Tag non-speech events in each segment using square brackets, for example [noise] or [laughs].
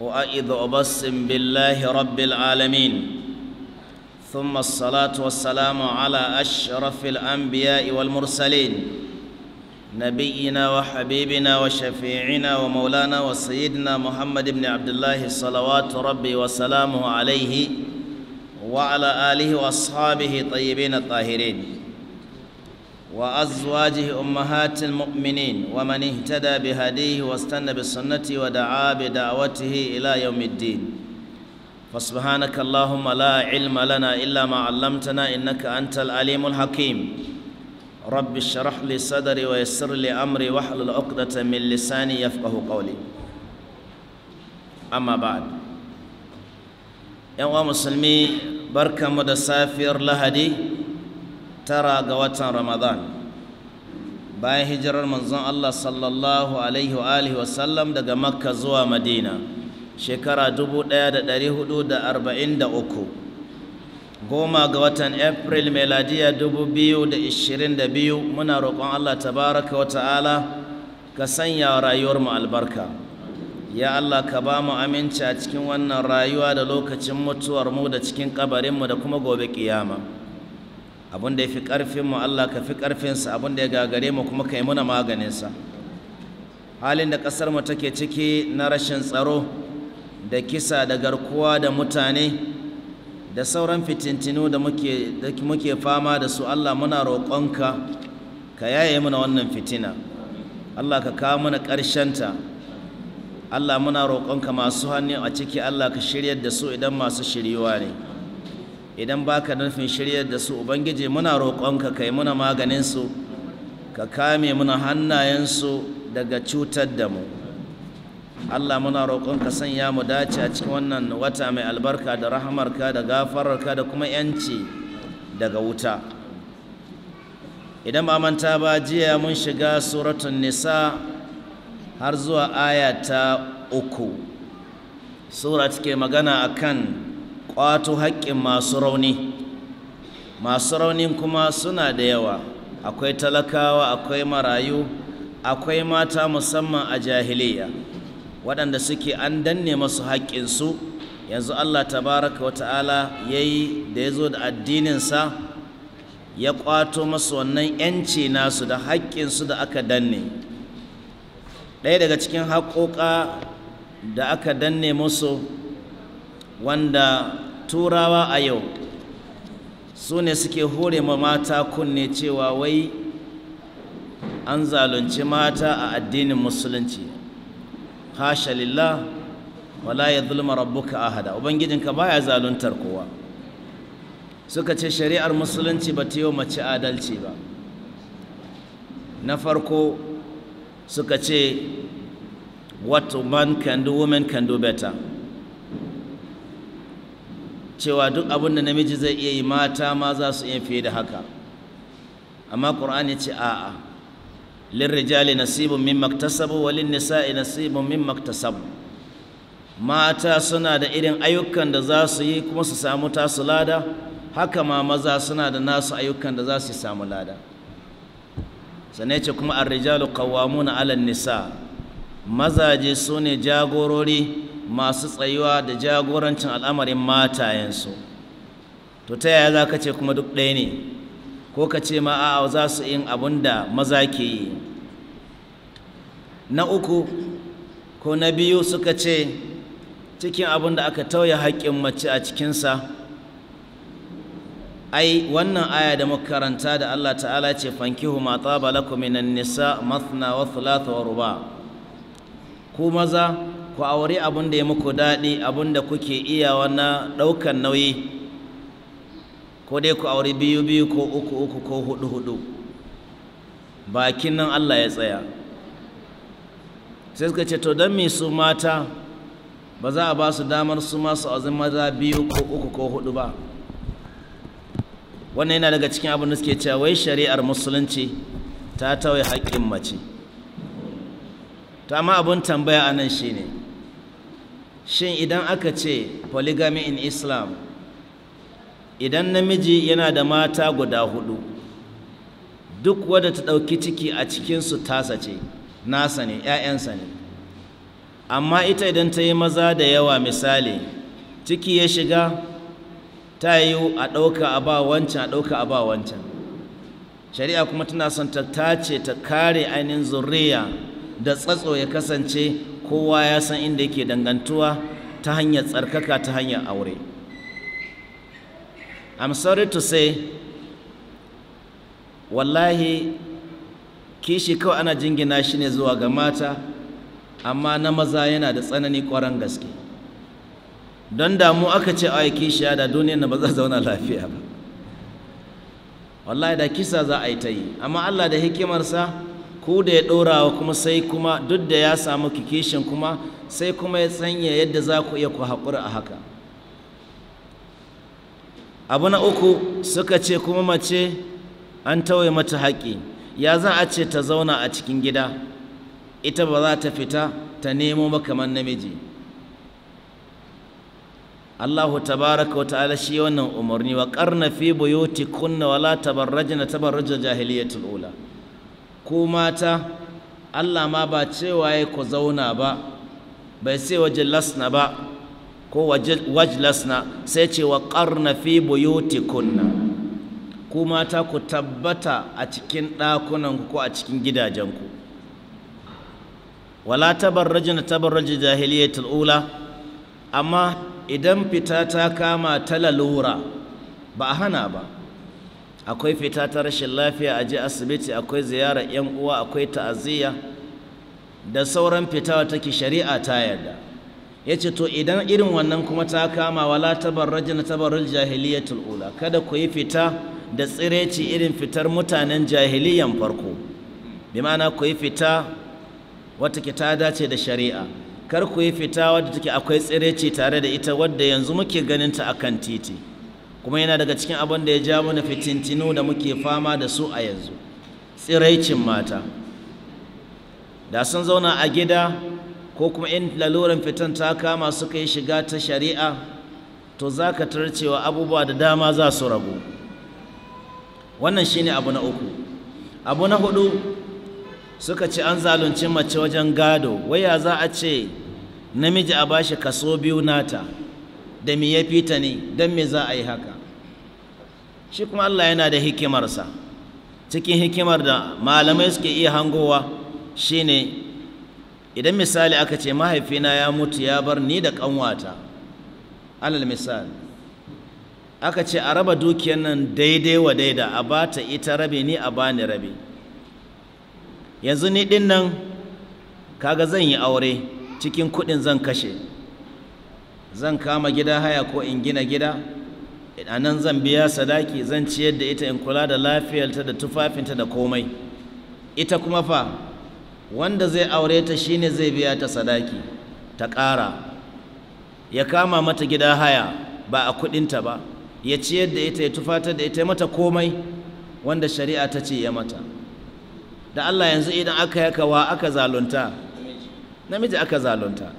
وأئذ أبصم بالله رب العالمين ثم الصلاة والسلام على أشرف الأنبياء والمرسلين نبينا وحبيبنا وشفيعنا ومولانا وسيدنا محمد بن عبد الله صلوات ربي وسلامه عليه وعلى آله وأصحابه طيبين الطاهرين وأزواجه أمهات المؤمنين ومن اهتدى بهديه واستنى بسنته ودعا بدعوته إلى يوم الدين فسبحانك اللهم لا علم لنا إلا ما علمتنا إنك أنت العليم الحكيم رب اشرح لي صدري ويسر لي أمري واحلل عقدة من لساني يفقه قولي أما بعد يا مسلمي بركة مدسافر لهدي tara ga watan ramadan bayan hijirar manzon Allah sallallahu alaihi wa alihi wasallam daga makka zuwa madina shekara 1443 goma ga watan april meladiya 2022 muna roƙon Allah tabaraka wa ta'ala ka sanya rayuwarmu albarka ya Allah ka ba mu aminci a cikin wannan rayuwa da lokacin mutuwarmu da cikin kabarinmu da kuma gobe kiyama. abin da ya fi ƙarfinmu Allah ka fi ƙarfinsa abin da ya gagare mu kuma ka yi muna maganinsa halin da ƙasarmu take ciki na rashin tsaro da kisa da garkuwa da mutane da sauran fitintinu da muke fama da su Allah muna roƙonka ka yaye muna wannan fitina Allah ka kawo mana ƙarshenta Allah muna roƙonka masu hannu a ciki Allah ka shiryar da su idan masu shiryuwa ne idan baka nufin shiryar da su ubangiji muna roƙonka kai muna maganinsu ka kame muna hannayensu daga cutar da mu Allah muna roƙonka sanya mu dace a cikin wannan wata mai albarka da rahamarka da gafararka da kuma yanci daga wuta idan ba manta ba jiya mun shiga suratun nisa har zuwa aya ta uku sura take magana akan ƙwato haƙƙin masu rauni masu rauni kuma suna da yawa akwai talakawa akwai marayu akwai mata musamman a jahiliya waɗanda suke an danne masu haƙƙinsu yanzu allah tabaraka wa ta'ala ya yi da ya zo da addininsa ya ƙwato masu wannan 'yanci nasu da haƙƙinsu da aka danne ɗaya daga cikin haƙoƙa da aka danne musu wanda turawa a yau su ne suke hore ma mata kunne cewa wai an zalunci mata a addinin musulunci hasha lillah wala ya zulma rabbuka ahada ka baya zaluntar kowa suka ce shari'ar musulunci ba ta yi mace adalci ba na farko suka ce what man can woman can do better cewa duk abin da namiji zai iya yi mata ma za su iya fiye da haka amma qur'ani ce a'a lirrijali nasibun min maktasabu wa lin-nisa'i nasibun min maktasabu mata suna da irin ayyukan da za su yi kuma su samu tasu lada haka ma maza suna da nasu ayyukan da za su samu lada sane ce kuma ar-rijalu qawwamuna 'ala nisa mazaje su ne jagorori masu tsayuwa da jagorancin al'amarin mata matayensu to ta yaya za ka ce kuma duk ɗaya ne ko ka ce ma a'a za su yin abin da maza ke yi na uku ko na biyu suka ce cikin abin da aka tauye haƙƙin mace a cikinsa ai wannan aya da muka karanta da Allah ta'ala ce fankihu ma taba lakum minan nisa mathna wa thulatha wa ruba ku maza ku auri abin da ya muku daɗi abin da kuke iyawa na ɗaukan nauyi ko dai ku auri biyu biyu ko uku uku ko hudu hudu bakin nan Allah ya tsaya sai suka ce to don me su mata ba za a ba su damar su masu azin maza biyu ko uku ko hudu ba wannan yana daga cikin abin da suke cewa wai shari'ar musulunci ta tawaye haƙƙin mace Ta ma abin tambaya a nan shine shin idan aka ce polygamy in islam idan namiji yana da mata guda hudu duk wadda ta ɗauki ciki a cikinsu tasa ce nasa ne 'ya'yansa ne amma ita idan ta yi maza da yawa misali ciki ya shiga ta yi a ɗauka a ba wancan a ɗauka a ba wancan shari'a kuma tana son ta tace ta kare ainihin zuriya da tsatso ya kasance kowa ya san inda yake dangantuwa ta hanyar tsarkaka ta hanyar aure i'm sorry to say wallahi kishi kawai ana jingina shi ne zuwa ga mata amma na maza yana da tsanani kwaran gaske don damu aka ce a kishi da duniyar na baza zauna lafiya ba wallahi da kisa za a yi ta yi amma allah da hikimarsa ku da ya ɗorawa kuma sai kuma duk da ya samu kikishin kuma sai kuma ya sanya yadda za ku iya ku haƙura a haka abu na uku suka ce kuma mace an tawaye mata haƙƙi ya za a ce ta zauna a cikin gida ita ba za ta fita ta nemo makaman namiji Allahu tabaraka wa ta'ala shi wannan umarni wa qarna fi kunna wala na tabarrujal jahiliyyatul ula ko mata Allah ma ba cewa ya ku zauna ba bai sai waje lasna ba ko waje lasna sai ce wa ƙarna fi buyuti kunna ku mata ku tabbata a cikin ɗakunanku ko a cikin gidajenku wala tabarrajina tabarraji jahiliyatul ula amma idan fita ta kama ta lalura ba a hana ba akwai fita ta rashin lafiya a ji asibiti akwai ziyarar yan uwa akwai ta'aziyya da sauran wata take shari'a ta yarda ce to idan irin wannan kuma ta kama wala na tabar jahiliyatul ula kada ku yi fita da tsireci irin fitar mutanen jahiliyan farko bi ma'ana ku yi fita wata ke ta dace da shari'a kar ku yi fita wadda take akwai tsireci tare da ita wadda yanzu muke ganin ta akan titi kuma yana daga cikin abin da ya ja mana fitintinu da muke fama da su a yanzu tsiraicin mata da sun zauna a gida ko kuma in laluran fitan ta kama suka yi shiga ta shari'a to za ka tarcewa abubuwa da dama za su rabu? wannan shine abu na uku abu na hudu suka ci an zalunci mace wajen gado waya za a ce namiji a bashi kaso biyu nata da me ya fita ne don me za a yi haka shi kuma Allah yana da hikimarsa cikin hikimar da malamai suke iya hangowa shine idan misali aka ce mahaifina ya mutu ya bar ni da kanwata alal misali aka ce a raba dukiyar nan daidai wa daida a ba ta ita rabi ni a bani rabi yanzu ni ɗin nan kaga zan yi aure cikin kuɗin zan kashe zan kama gida haya ko in gina gida a nan zan biya sadaki zan ciyar da ita in kula da lafiyarta da tufafinta da komai ita kuma fa wanda zai aure ta shine zai biya ta sadaki ta ƙara ya kama mata gida haya ba a kuɗinta ba ya ciyar da ita ya tufatar da ita mata komai wanda shari'a ta ce ya mata da Allah yanzu idan aka yaka wa aka zalunta namiji aka zalunta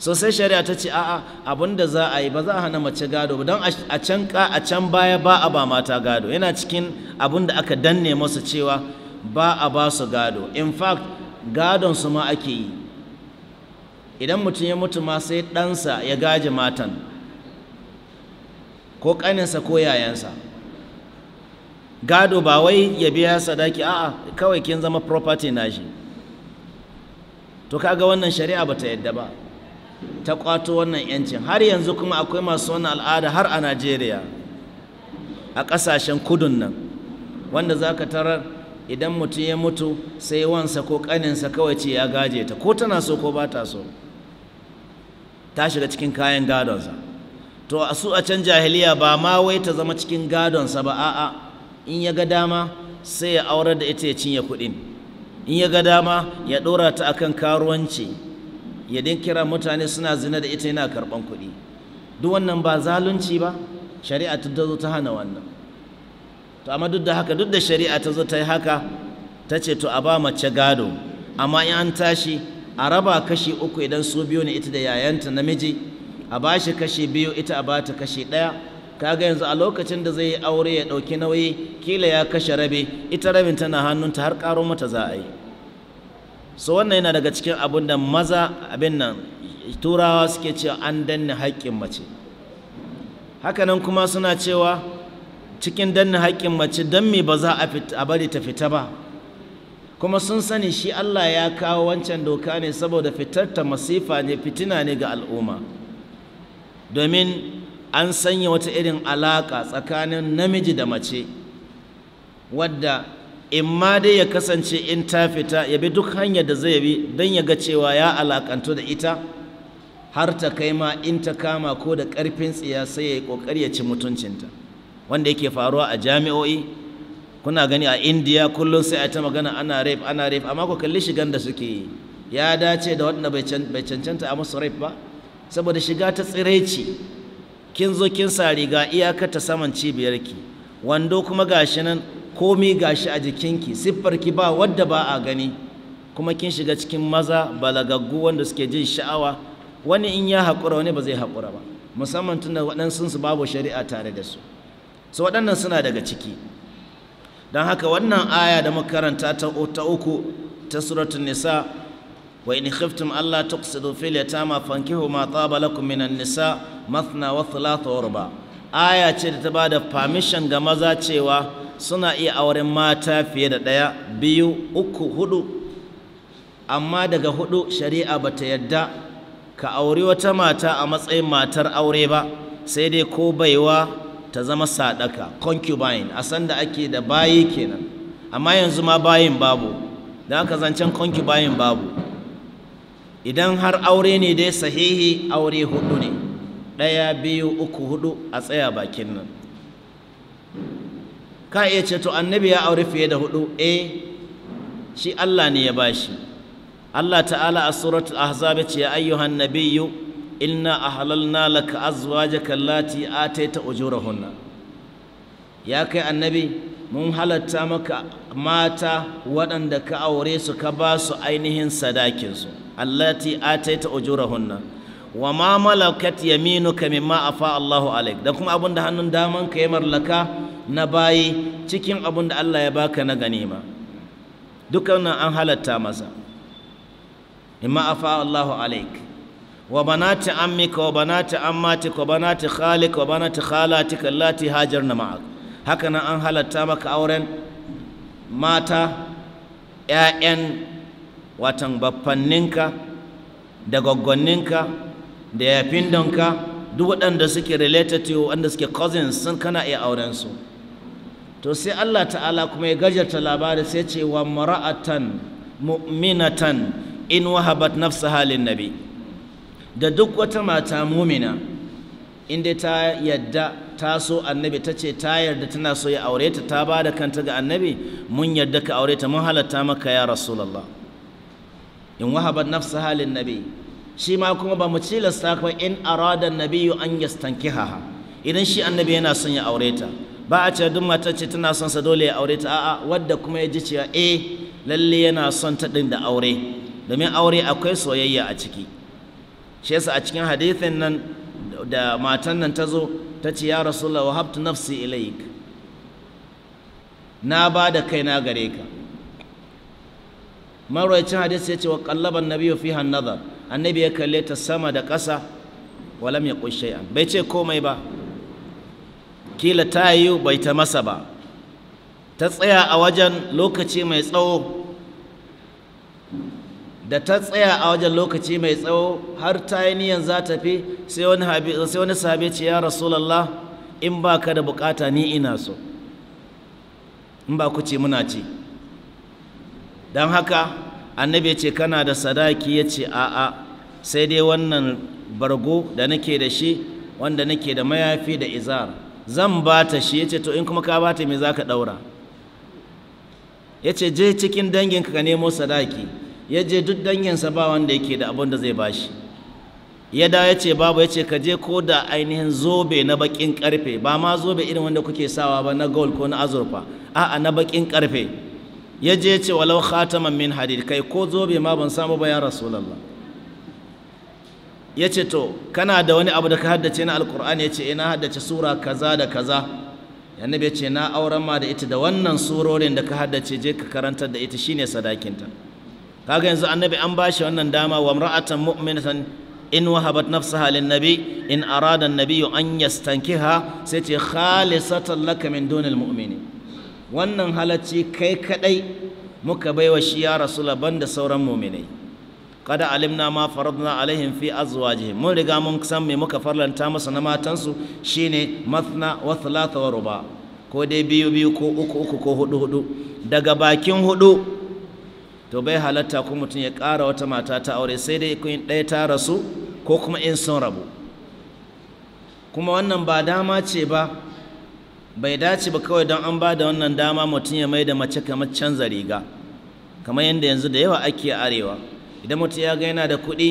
so sai shari'a ta ce a'a abin da za a yi ba za a hana mace gado ba don a can ka a can baya ba a ba mata gado yana cikin abin da aka danne masu cewa ba a ba su gado in fact gadon su ma ake yi idan mutum ya mutu ma sai ɗansa ya gaji matan ko ƙaninsa ko yayansa gado ba wai ya biya sadaki a'a kawai kin zama property na shi to kaga wannan shari'a ba ta yadda ba ta kwato wannan yancin har yanzu kuma akwai masu wannan al'ada har a najeriya a ƙasashen kudun nan wanda za ka tarar idan mutum ya mutu sai wansa ko ƙaninsa kawai ce ya gaje ta ko tana so ko ba ta so ta shiga cikin kayan gadonsa to a su a can jahiliya ba ma wai ta zama cikin gadonsa ba a'a in ya ga dama sai ya aurar da ita ya cinye kuɗin in ya ga dama ya ɗora ta akan karuwanci ya dai mutane suna zina da ita yana karban kuɗi duk wannan ba zalunci ba shari'a ta zo ta hana wannan to amma duk da haka duk da shari'a ta zo ta yi haka ta ce to a ba mace gado amma in an tashi a raba kashi uku idan su biyu ne ita da yayanta namiji a ba shi kashi biyu ita a ba ta kashi ɗaya kaga yanzu a lokacin da zai yi aure ya ɗauki nauyi kila ya kashe rabe ita rabin tana hannunta har ƙaro mata za a yi so wannan yana daga cikin abin da maza abin nan turawa suke cewa an danne haƙƙin mace hakanan kuma suna cewa cikin danne haƙƙin mace don me ba za a bari ta fita ba kuma sun sani shi Allah ya kawo wancan doka ne saboda fitar ta masifa ne fitina ne ga al'umma domin an sanya wata irin alaƙa tsakanin namiji da mace wadda in ma dai ya kasance in ta fita ya bi duk hanyar da zai bi don ya ga cewa ya alakantu da ita har ta kai ma in ta kama ko da ƙarfin tsiya sai ya yi ƙoƙari ya ci mutuncinta wanda yake faruwa a jami'o'i kuna gani a indiya kullum sai a ta magana ana rape ana rape amma ku kalli shigan da suke yi ya dace da waɗanda bai cancanta a musu rape ba saboda shiga ta tsiraici kin zo kin sa riga iyaka ta saman cibiyarki wando kuma gashi nan komi gashi a jikinki ki ba wadda ba a gani kuma kin shiga cikin maza balagaggu wanda suke jin sha'awa wani in ya haƙura wani ba zai haƙura ba musamman tun da waɗansu su babu shari'a tare da su Su waɗannan suna daga ciki don haka wannan aya da makaranta ta uku ta suratun nisa wa in khiftum Allah tuqsidu fil yatama fankihu ma taba lakum an nisa mathna wa thalatha wa aya ce da ta bada permission ga maza cewa suna iya auren mata fiye da ɗaya biyu uku hudu amma daga hudu shari'a ba ta yadda ka auri wata mata a matsayin matar aure ba sai dai ko baiwa ta zama sadaka concubine a sanda ake da bayi kenan amma yanzu ma bayin babu da haka zancen concubine babu idan har aure ne dai sahihi aure hudu ne ɗaya biyu uku hudu a tsaya bakin nan ka iya ce to annabi ya aure fiye da hudu e shi Allah ne ya bashi Allah ta'ala a suratul ahzab ya ce ya ayyuhan nabiyyu inna ahlalna laka azwajaka allati ataita ujurahunna ya kai annabi mun halatta maka mata waɗanda ka aure su ka ba su ainihin sadakinsu allati ataita ujurahunna wa ma malakat yaminuka mimma afa Allahu alaik da kuma abinda da hannun daman ka ya mallaka na bayi cikin abin da Allah ya baka na ganima dukkanin an halatta masa imma afa Allahu alaik wa banati ammika wa banati ammatika wa banati khalik wa banati khalatika allati hajarna ma'ak haka nan an halatta maka auren mata ƴaƴan watan baffanninka da gwaggwanninka da yafindonka duk waɗanda suke related to you waɗanda suke cousins sun kana iya auren su to sai Allah ta'ala kuma ya gajarta labari sai ce wa mara'atan mu'minatan in wahabat nafsa halin nabi da duk wata mata mumina inda ta yadda ta so annabi ta ce ta yarda tana so ya aure ta ta ba da kanta ga annabi mun yarda ka aure ta mun halatta maka ya rasulallah. in wahabat nafsa halin nabi shi ma kuma ba mu cilasta ba in arada nabiyyu an yastankihaha idan shi annabi yana son ya aure ta ba a ce duk matar ce tana son sa dole ya aure ta a'a wadda kuma ya ji cewa eh lalle yana son ta din da aure domin aure akwai soyayya a ciki shi yasa a cikin hadithin nan da matan nan ta zo ta ce ya rasulullah habtu nafsi ilaik na ba da kaina gare ka marwayacin hadisi ya ce wa kallaban nabiyu fi nazar annabi ya kalle ta sama da ƙasa walam ya ƙushe bai ce komai ba kila ta yi bai ta masa ba ta tsaya a wajen lokaci mai tsawo da ta tsaya a wajen lokaci mai tsawo har ta yi niyan za ta fi sai wani sahabi ce ya rasulallah in ba ka da bukata ni ina so in ba ku ce muna ci don haka annabi ya ce kana da sadaki ya ce a'a sai dai wannan bargo da nake da shi wanda nake da mayafi da izar zan ba ta shi ya ce to in kuma ka ba ta me za ka ɗaura ya ce je cikin danginka ka nemo sadaki ya je duk danginsa ba wanda yake da abin da zai ba shi ya dawo ya ce babu ya ce ka je ko da ainihin zobe na baƙin karfe ba ma zobe irin wanda kuke sawa ba na gold ko na azurfa a'a na bakin karfe ya je ya ce walau khataman min hadid kai ko zobe ma ban samu bayan ya rasulullah ya ce to kana da wani abu da ka haddace na alkur'ani ya ce ina eh, haddace sura kaza da kaza annabi ya ce na auren ma da ita da wannan surorin da ka haddace je ka karantar da ita shine sadakinta kaga yanzu annabi an bashi wannan dama wa mar'atan mu'minatan in wahabat nafsaha lin nabi in arada an-nabiyyu an yastankiha sai ce khalisatan laka min dunil mu'mini wannan halacci kai kadai muka baiwa shi ya rasula ban da sauran mu'minai kada alimna ma faradna alaihim fi azwajihim mun riga mun san me muka farlanta masa na matansu shine mathna wa thalatha wa ruba ko dai biyu biyu ko uku uku ko hudu hudu daga bakin hudu to bai halatta ko mutum ya kara wata mata ta aure sai dai kun ɗaya ta rasu ko kuma in sun rabu kuma wannan ba dama ce ba bai dace ba kawai don an ba da wannan dama mutum ya mai da mace kamar canza riga kamar yadda yanzu da yawa ake arewa idan mutum ya ga yana da kuɗi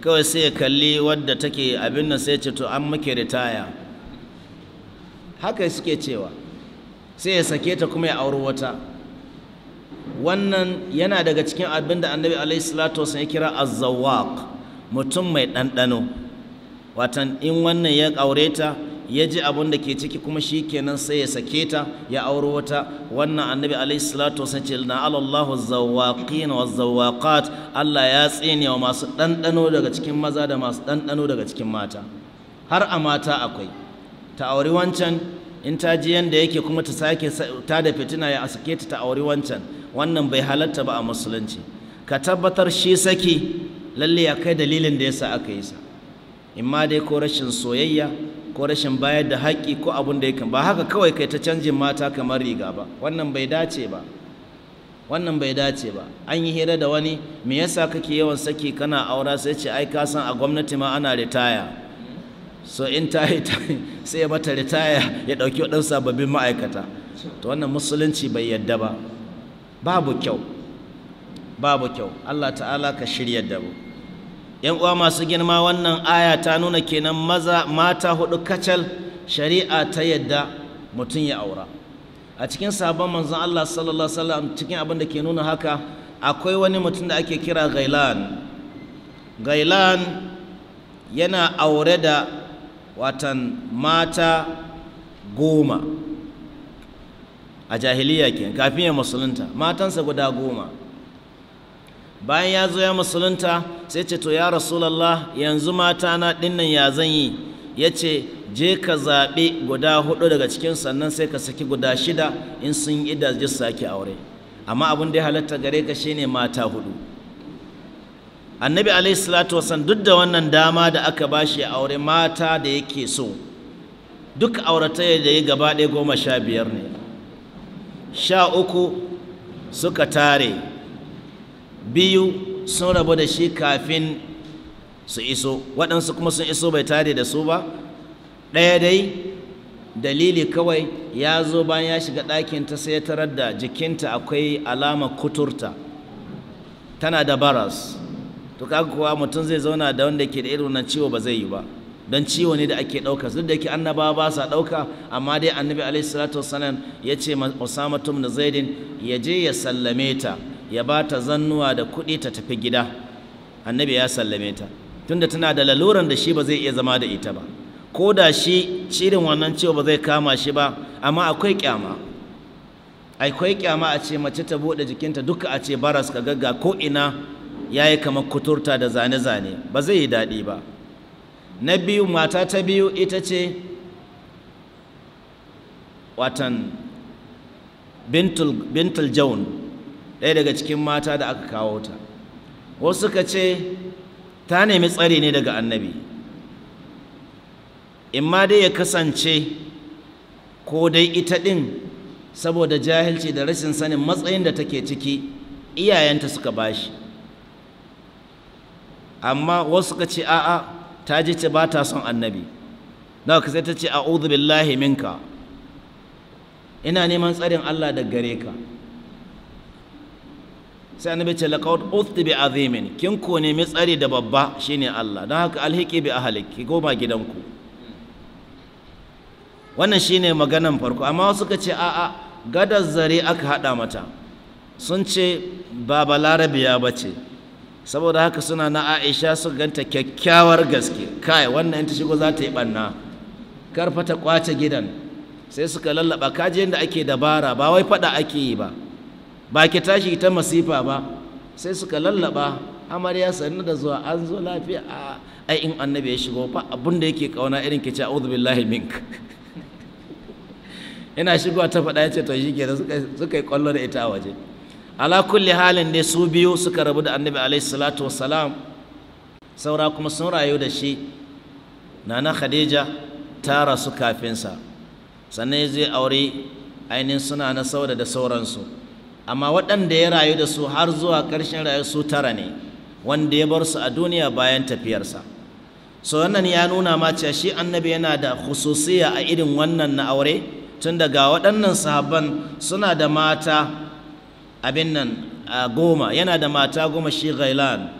kawai sai ya kalli wadda take abin nan sai ce to an muke ritaya haka suke cewa sai ya sake ta kuma ya auri wata wannan yana daga cikin abin da annabi alaihi salatu wasu ya kira azzawaq mutum mai ɗanɗano watan in wannan ya aure ta ya ji abun da ke ciki kuma shi kenan sai ya sake ta ya auro wata wannan annabi alaihi salatu wa ce na alallahu zawaqin wa zawaqat Allah ya tsine wa masu ɗanɗano daga cikin maza da masu ɗanɗano daga cikin mata har a mata akwai ta auri wancan in ta ji yanda yake kuma ta sake ta da fitina ya sake ta ta auri wancan wannan bai halatta ba a musulunci ka tabbatar shi saki lalle ya kai dalilin da yasa aka yi sa imma dai ko rashin soyayya ko rashin bayar da haƙƙi ko abin da yake ba haka kawai kai ta canjin mata kamar riga ba wannan bai dace ba wannan bai dace ba an yi hira da wani me yasa kake yawan saki kana aura sai ce ai ka san a gwamnati ma ana ritaya so in ta yi sai ya mata ritaya ya ɗauki waɗansu sababbin ma'aikata to wannan musulunci bai yadda ba babu kyau babu kyau Allah ta'ala ka shirya da mu yan uwa masu girma wannan aya ta nuna kenan maza mata hudu kacal shari'a ta yadda mutum ya aura a cikin sabon manzon Allah sallallahu alaihi wasallam cikin abin da ke nuna haka akwai wani mutum da ake kira Gailan Gailan yana aure da watan mata goma a jahiliya kafin ya musulunta matansa guda goma bayan ya zo ya musulunta sai ce to ya rasulallah yanzu mata na dinnan ya zan yi ya ce je ka zaɓi guda hudu daga cikin sannan sai ka saki guda shida in sun yi da ji sake aure amma abin da ya halatta gare ka ne mata hudu annabi alaihi salatu wasan duk da wannan dama da aka bashi ya aure mata da yake so duk aurata da ya gaba ɗaya goma sha biyar ne sha uku suka tare biyu sun rabu da shi kafin su iso waɗansu kuma sun iso bai tare da su ba ɗaya dai dalili kawai ya zo bayan ya shiga ɗakinta sai ya tarar da jikinta akwai alama kuturta tana da baras to kaga kuwa mutum zai zauna da wanda ke da irin wannan ciwo ba zai yi ba don ciwo ne da ake ɗauka duk da yake annabawa ba sa ɗauka amma dai annabi alaihi salatu wasalam ya ce usama da zaidin ya je ya sallame ta ya ba ta zannuwa da kuɗi ta tafi gida annabi ya sallame ta tunda tana da laluran da shi ba zai iya zama da ita ba ko da shi shirin wannan ciwo ba zai kama shi ba amma akwai kyama akwai kyama a ce mace ta buɗe jikinta duka a ce baras ka gagga ko ina ya yi kamar kuturta da zane-zane ba zai yi daɗi ba na biyu mata ta biyu ita ce watan bintul jaun ɗaya daga cikin mata da aka kawo ta wasu suka ce ta nemi tsari ne daga annabi in ma dai ya kasance ko dai ita ɗin saboda jahilci da rashin sanin matsayin da take ciki iyayenta suka bashi amma wasu suka ce a'a ta ji ce ba ta son annabi na ka sai ta ce a'udhu billahi minka ina neman tsarin Allah da gare ka sai annabi ce laqad uthti bi azimin kin ko mai tsare da babba shine Allah don haka alhiki bi ahlik ki goma gidanku wannan shine maganan farko amma wasu suka ce a'a gadar zare aka hada mata sun ce ba balarabiya ba ce saboda haka suna na aisha su ganta kyakkyawar gaske kai wannan yanta shigo za ta yi banna karfa ta kwace gidan sai suka lallaba kaji yadda ake dabara ba wai fada ake yi ba ba ki tashi ta masifa ba sai suka lallaba amarya sannu da zuwa an zo lafiya a ai in annabi ya shigo fa abin yake kauna irin kica, ce a'udhu billahi mink [laughs] ina shigowa ta faɗa yace to shike suka suka yi kwallo da ita a waje ala halin ne su biyu suka rabu da annabi alaihi salatu wassalam saura kuma sun rayu da shi nana khadija ta rasu kafinsa sannan ya zai aure ainihin suna na sauda da sauransu amma waɗanda ya rayu da su har zuwa ƙarshen rayu su tara ne wanda ya bar su a duniya bayan tafiyarsa so wannan ya nuna ma cewa shi annabi yana da khususiya a irin wannan na aure tun daga waɗannan sahabban suna da mata abin nan goma yana da mata goma shi ghailan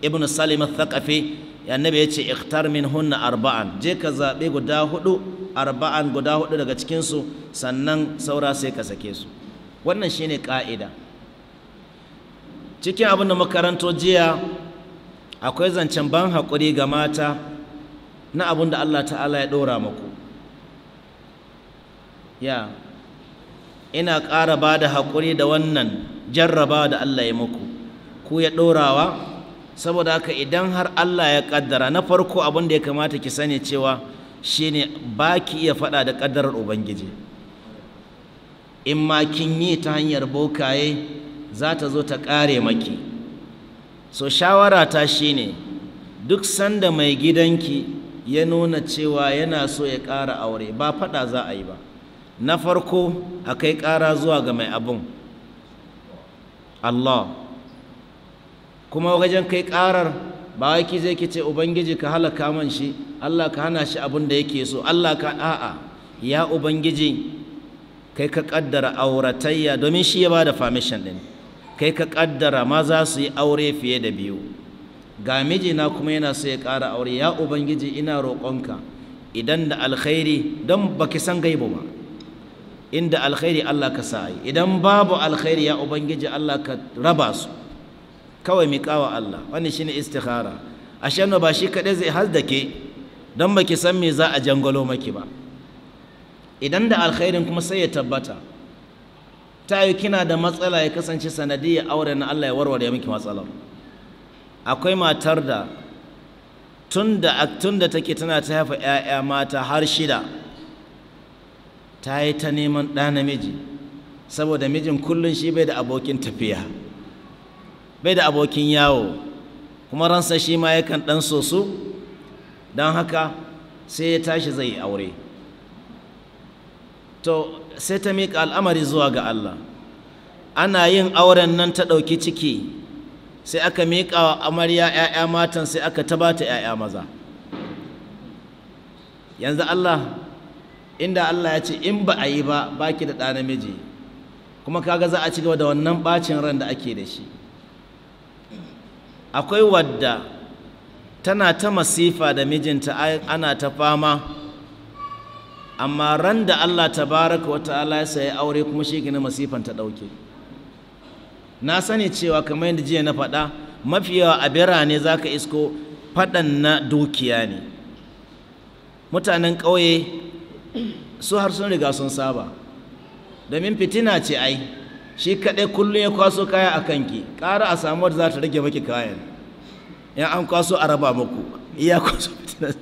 ibn salim al-thaqafi annabi ce ikhtar min hunna arba'an je ka zabe guda hudu arba'an guda hudu daga cikin su sannan saura sai ka sake su wannan shine ƙa'ida cikin abin da makaranto jiya akwai zancen ban haƙuri ga mata na abin da Allah ta'ala ya ɗora muku ya ina ƙara ba da haƙuri da wannan jarraba da Allah ya muku ku ya ɗorawa saboda haka idan har Allah ya ƙaddara na farko abin da ya kamata ki sani cewa shine ba ki iya faɗa da ƙaddarar Ubangiji. in ma kin yi ta hanyar bokaye za ta zo ta ƙare maki so shawara ta shi ne. duk sanda mai gidanki ya nuna cewa yana so ya ƙara aure ba faɗa za a yi ba na farko a kai ƙara zuwa ga mai abun Allah kuma wajen kai ƙarar ba wai ki zai ki ce ubangiji ka halaka man shi Allah ka hana shi abin da yake so Allah ka a'a ya ubangiji kai ka kaddara auratayya domin shi ya ba da famishin ɗin kai ka kaddara maza su yi aure fiye da biyu ga mijina kuma yana so ya ƙara aure ya ubangiji ina roƙonka idan da alkhairi don baki san gaibu ba inda alkhairi Allah ka sa idan babu alkhairi ya ubangiji Allah ka raba su kawai kawa Allah wannan shine istikhara ashe ba shi kaɗai zai hazdake don baki san me za a jangalo maki ba idan da alkhairin kuma sai ya tabbata ta yi kina da matsala ya kasance sanadiyar aure na Allah ya warware ya miki matsala, akwai matar da tun da tun da take tana ta haifa 'ya'ya mata har shida ta yi ta neman ɗa namiji saboda mijin kullum shi bai da abokin tafiya bai da abokin yawo kuma ransa shi ma yakan ɗan soso don haka sai ya tashi zai yi aure to sai ta miƙa al'amari zuwa ga Allah ana yin auren nan ta ɗauki ciki sai aka miƙa wa amarya 'ya'ya matan sai aka tabata 'ya'ya maza yanzu Allah inda Allah ya ce in ba a yi ba baki da ɗa namiji kuma kaga za a ci gaba da wannan ɓacin ran da ake da shi akwai wadda tana ta masifa da mijinta ana ta fama amma ran da Allah tabaraka wa ta'ala ya sayi aure kuma shi gina masifan ta ɗauke na sani cewa kamar yadda jiya na faɗa mafi yawa a birane zaka isko faɗan na dukiya ne mutanen ƙauye su har sun riga sun saba domin fitina ce ai shi kaɗai kullum ya kwaso kaya a kanki ƙara a samu wadda za ta rage maki kayan ya an kwaso a raba muku iya kwaso yanzu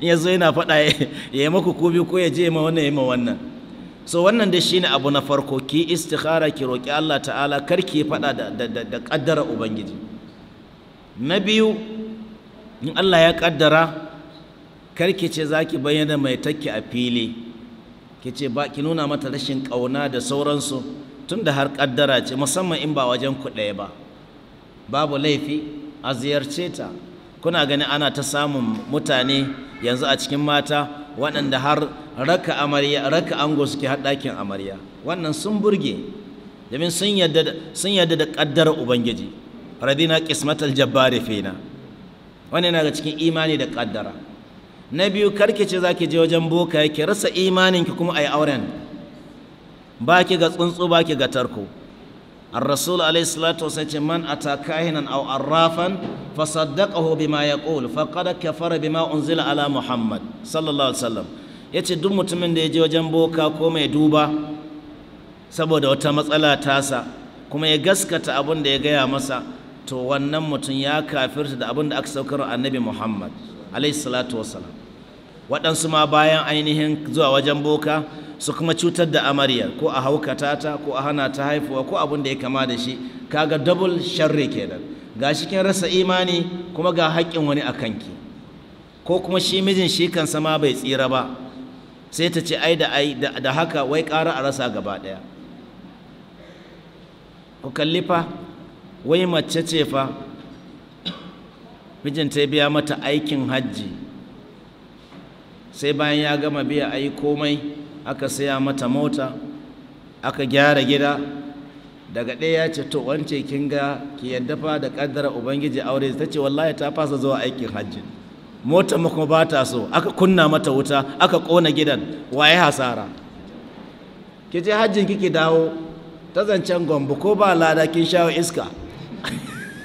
yazo yana faɗa ya yi maku ko biyu ko ya je ma wannan ya ma wannan so wannan dai shine abu na farko ki istikhara ki roki Allah ta'ala kar ki faɗa da da ubangiji na biyu in Allah ya kaddara kar ki ce zaki bayyana mai takki a fili ki ce ba ki nuna mata rashin ƙauna da sauransu tun da har ƙaddara ce musamman in ba wajen ku ɗaya ba babu laifi a ziyarce ta kuna gani ana ta samun mutane yanzu a cikin mata waɗanda har raka amarya raka ango suke har ɗakin amarya wannan sun burge domin sun yadda sun yadda da ƙaddarar ubangiji radina qismatal jabbari fina wannan yana ga cikin imani da ƙaddara na biyu karki ce zaki je wajen boka yake rasa imaninki kuma ayi auren Ba ki ga tsuntsu ba ki ga tarko الرسول عليه الصلاة والسلام من أتى كاهنا أو عرافا فصدقه بما يقول فقد كفر بما أنزل على محمد صلى الله عليه وسلم yace duk mutumin da ya je wajen boka ko mai duba saboda wata matsala tasa kuma ya gaskata abin da ya gaya masa to wannan mutum ya kafirta da abin da aka saukar annabi Muhammad alaihi salatu wasalam waɗansu ma bayan ainihin zuwa wajen boka su kuma cutar da amaryar ko a haukata tata ko a hana ta haifuwa ko abin da ya kama da shi kaga double sharri kenan ga shi kin rasa imani kuma ga haƙƙin wani a kanki ko kuma shi mijin shi kansa ma bai tsira ba sai ta ce ai da ai da haka wai ƙara a rasa gaba ɗaya ku kalli fa wai mace ce fa Mijin ta biya mata aikin hajji sai bayan ya gama biya ai komai aka saya mata mota aka gyara gida daga ɗaya ya ce to wance kin ga ki yadda fa da kaddara ubangiji aure ta ce wallahi ta fasa zuwa aikin hajji mota mu kuma ba so aka kunna mata wuta aka kona gidan waye hasara ki je hajjin kike dawo ta zancen gombe ko ba lada kin shawo iska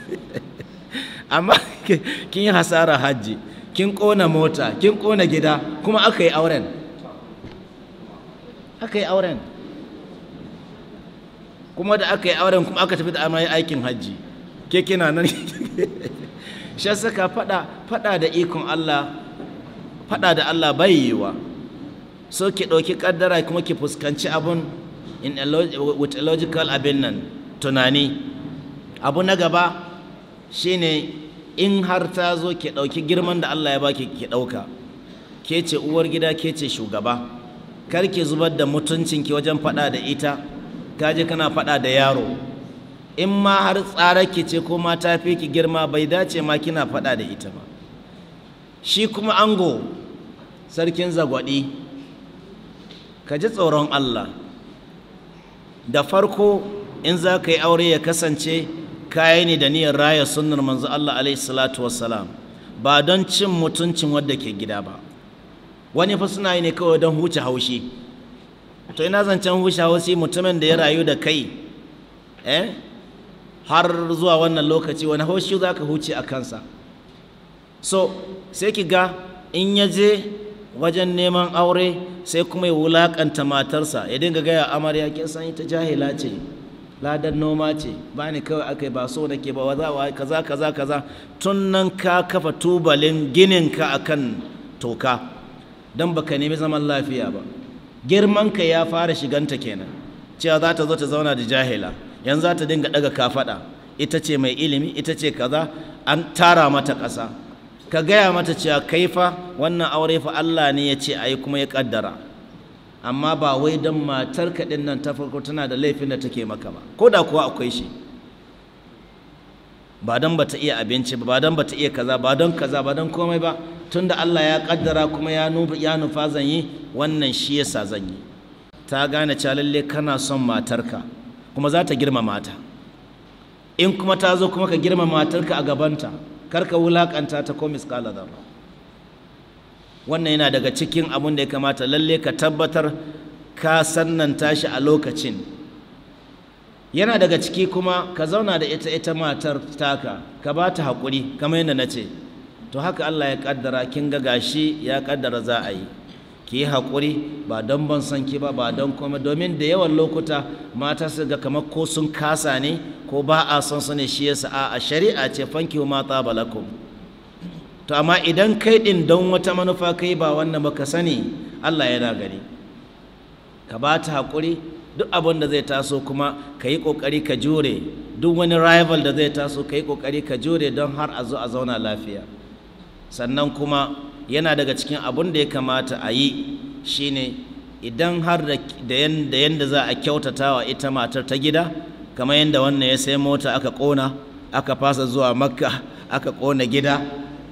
[laughs] amma kin yi hasara hajji kin kona mota kin kona gida kuma aka yi auren aka yi auren kuma da aka yi auren kuma aka tafi da amayin aikin hajji ke kina nan [laughs] shi saka fada da ikon Allah fada da Allah bai yiwa so ki ɗauki ƙaddara kuma ki fuskanci abun in a logical abin nan tunani abu na gaba shine in har ta zo ki ɗauki girman da Allah ya baki ki ɗauka ke ce uwar gida ke ce shugaba karki zubar da mutuncinki wajen faɗa da ita kaje kana faɗa da yaro in ma har tsararki ce ko ma ta fi ki girma bai dace ma kina faɗa da ita ba shi kuma ango sarkin zagwaɗi Kaji tsoron Allah da farko in za ka yi aure ya kasance kayi ne da niyyar raya sunnar manzo Allah alaihi salatu wassalam ba don cin mutuncin wadda ke gida ba wani fa suna yi ne kawai don huce haushi to ina zancen huce haushi mutumin da ya rayu da kai eh har zuwa wannan lokaci wani haushi za ka huce a kansa so sai ki ga in ya je wajen neman aure sai kuma ya wulakanta matarsa ya dinga gaya amarya kin san ita jahila ce ladan noma ce ba ni kawai aka yi ba so nake ba waza kaza kaza kaza tun nan ka kafa tubalin ginin ka akan toka don baka nemi zaman lafiya ba Girman ka ya fara shiganta kenan cewa za ta zo ta zauna da jahila yanzu za ta dinga daga kafaɗa ita ce mai ilimi ita ce kaza an tara mata ƙasa ka gaya mata cewa kai fa wannan aure fa Allah ne ya ce ayi kuma ya kaddara amma ba wai don matar din nan ta farko tana da laifin da take maka ba ko da kuwa akwai shi ba don bata iya abinci ba don bata iya kaza ba don kaza ba don komai ba tunda Allah ya kaddara kuma ya ya nufa zan yi wannan shi yasa zan yi ta gane cewa lalle kana son matarka kuma za ta girma mata in kuma ta zo kuma ka girma matarka a gabanta kar ka wulakanta ta ko miskala zarra wannan yana daga cikin abin da ya kamata lalle ka tabbatar ka sannan tashi a lokacin yana daga ciki kuma ka zauna da ita ita matar taka ka ba ta haƙuri kamar yadda na ce to haka Allah ya kaddara kin ga gashi ya kaddara za a yi ki yi haƙuri ba don ban san ki ba ba don kuma domin da yawan lokuta mata su ga kamar ko sun kasa ne ko ba a son su ne shi yasa a shari'a ce fanki mata balakum to amma idan kai din don wata manufa kai ba wannan baka sani Allah yana gani ka ba ta haƙuri duk abin da zai taso kuma ka yi ƙoƙari ka jure duk wani rival da zai taso ka yi ƙoƙari ka jure don har a zo a zauna lafiya sannan kuma yana daga cikin abun da ya kamata a yi shi ne idan har da yadda za a wa ita matar ta gida kamar yadda wannan ya sai mota aka ƙona aka fasa zuwa makka aka ƙona gida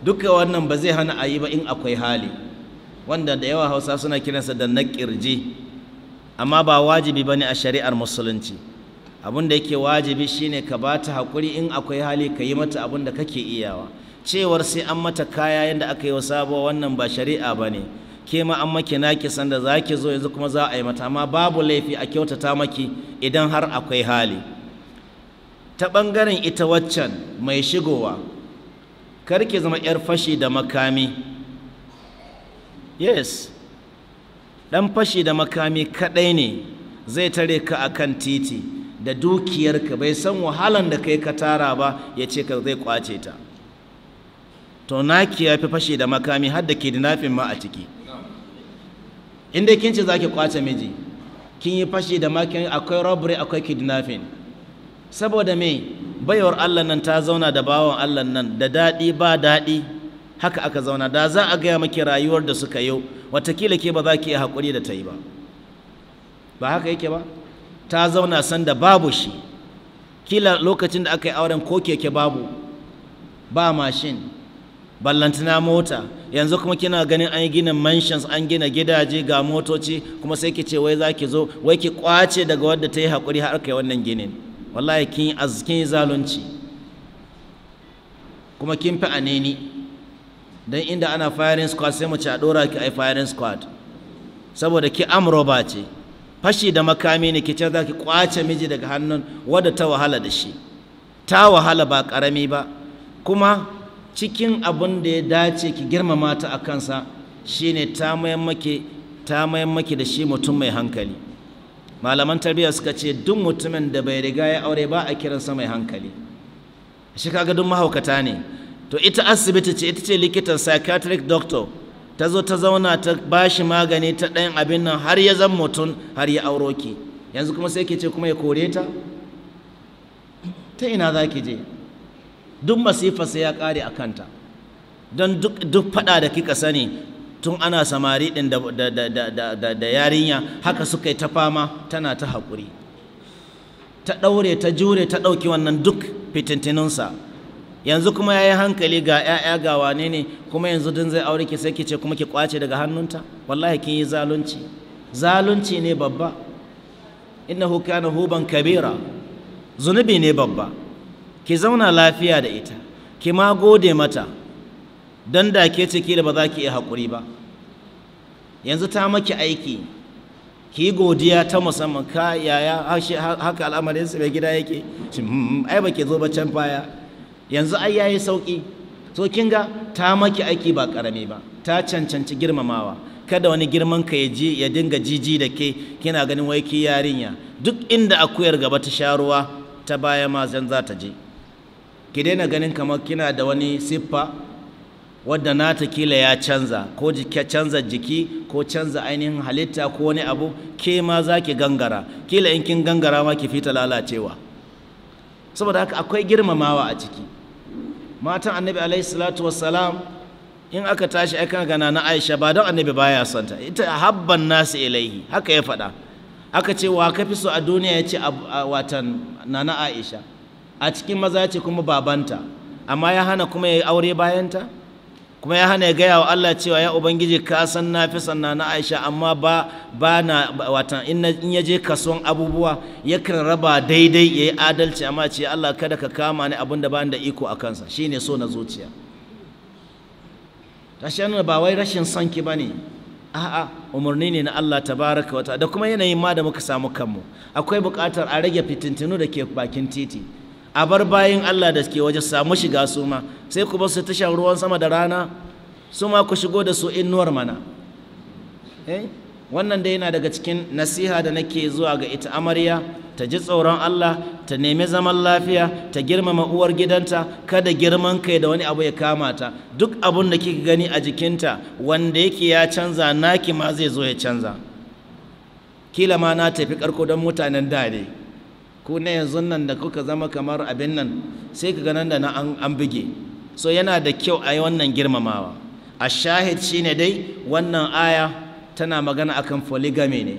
duka wannan ba zai hana a yi ba in akwai hali wanda da yawa hausa suna kiransa da na ƙirji amma ba wajibi ba ne a shari'ar musulunci abin da yake wajibi shine ka ba ta haƙuri in akwai hali ka yi mata abin da kake iyawa cewar sai an mata kaya yadda aka yi wa sabuwa wannan ba shari'a ba ne ke ma an maki naki sanda za ki zo yanzu kuma za a yi mata amma babu laifi a kyautata maki idan har akwai hali ta ɓangaren ita waccan mai shigowa kar ki zama 'yar fashi da makami yes ɗan fashi da makami kaɗai ne zai tare ka akan titi da dukiyarka bai san wahalan da kai ka tara ba ya ce ka zai kwace ta to naki ya fi fashe da makami har da ke da nafin ma a ciki inda kin ce za ki kwace miji kin yi fashe da makami akwai robbery akwai kidnapping saboda me baiwar Allah nan ta zauna da bawan Allah nan da daɗi ba daɗi haka aka zauna da za a gaya maki rayuwar da suka yau watakila ke ba za ki iya haƙuri da ta yi ba ba haka yake ba ta zauna sanda babu shi kila lokacin da aka yi auren ko keke babu ba mashin ballantana mota yanzu kuma kina ganin an gina mansions an gina gidaje ga motoci kuma sai kice ce wai za ki zo wai ki kwace daga wadda ta yi haƙuri har kai wannan ginin wallahi kin azkin zalunci kuma kin fi aneni don inda ana firing squad sai mu ci a ɗora ki ai firing squad saboda ki Amro ba ce fashi da makami ne ki ce za ki kwace miji daga hannun wadda ta wahala da shi ta wahala ba karami ba kuma cikin abin da ya dace ki girmama ta a kansa shi ta ta mayan maki da shi mutum mai hankali malaman tarbiyya suka ce duk mutumin da bai riga ya aure ba a kiransa mai hankali shi kaga duk mahaukata ne to ita asibiti ce ita ce likitan psychiatric doctor ta zo ta zauna ta ba shi magani ta ɗayan abin nan har ya zan mutum har ya auro ki yanzu kuma sai ke ce kuma ya kore ta ta ina za ki je duk masifarsa ya ƙare a kanta don duk faɗa da kika sani tun ana samari ɗin da yarinya haka suka yi ta fama tana ta haƙuri ta ɗaure ta jure ta ɗauki wannan duk fitintinunsa yanzu kuma ya yi hankali ga 'ya'ya ga wane ne kuma yanzu din zai aure ki sai ki ce kuma ki kwace daga hannunta wallahi kin yi zalunci zalunci ne babba innahu kana huban kabira zunubi ne babba ki zauna lafiya da ita ki ma gode mata don da ke ce da ba za ki iya haƙuri ba yanzu ta maki aiki ki godiya ta musamman ka yaya haka al'amarin su mai gida yake hmm, hmm, ai ba ke zo ba can baya yanzu ai yayi sauƙi. so kin ga ta maki aiki ba ƙarami ba ta cancanci girmamawa kada wani girman ka ya ji ya dinga jiji da ke kina ganin wai ki yarinya duk inda akuyar gaba ta sha ruwa ta baya ma zan za ta je ki daina ganin kamar kina da wani siffa wadda nata kila ya canza ko canza jiki ko canza ainihin halitta ko wani abu ke ma za ki gangara kila in kin gangara ma ki fita lalacewa saboda haka akwai girmamawa a ciki matan annabi alaihi salatu wassalam in aka tashi akan gana na aisha ba don annabi baya santa ita habban nasu ilaihi haka ya faɗa aka ce wa ka fi so a duniya ya ce watan nana aisha a cikin maza ce kuma babanta amma ya hana kuma ya yi aure bayanta kuma ya hana ya gaya wa Allah cewa ya ubangiji ka san na fi sanna na Aisha amma ba ba na watan in ya je kasuwan abubuwa yakan raba daidai yayi adalci amma ce Allah kada ka kama ni abin da bani da iko a kansa shine so na zuciya Ta tashi ba wai rashin son ki bane a'a umarni ne na Allah tabaraka wata da kuma yanayin ma da muka samu kanmu akwai buƙatar a rage fitintinu da ke bakin titi a bar bayin Allah da suke waje samu shiga su ma sai ku basu tashan ruwan sama da rana su ma ku shigo da su innuwar mana eh, wannan dai yana daga cikin nasiha da nake zuwa ga ita amarya ta ji tsoron Allah ta nemi zaman lafiya ta girmama uwar gidanta kada girman kai da wani abu ya kama ta duk abun da kika gani a jikinta wanda yake ya canza naki ma zai zo ya canza kila ma na tafi karko don mutanen da ne ku ne yanzu nan da kuka zama kamar abin nan sai ka ganin da na an buge so yana da kyau a yi wannan girmamawa a shahid ne dai wannan aya tana magana a kan foligami ne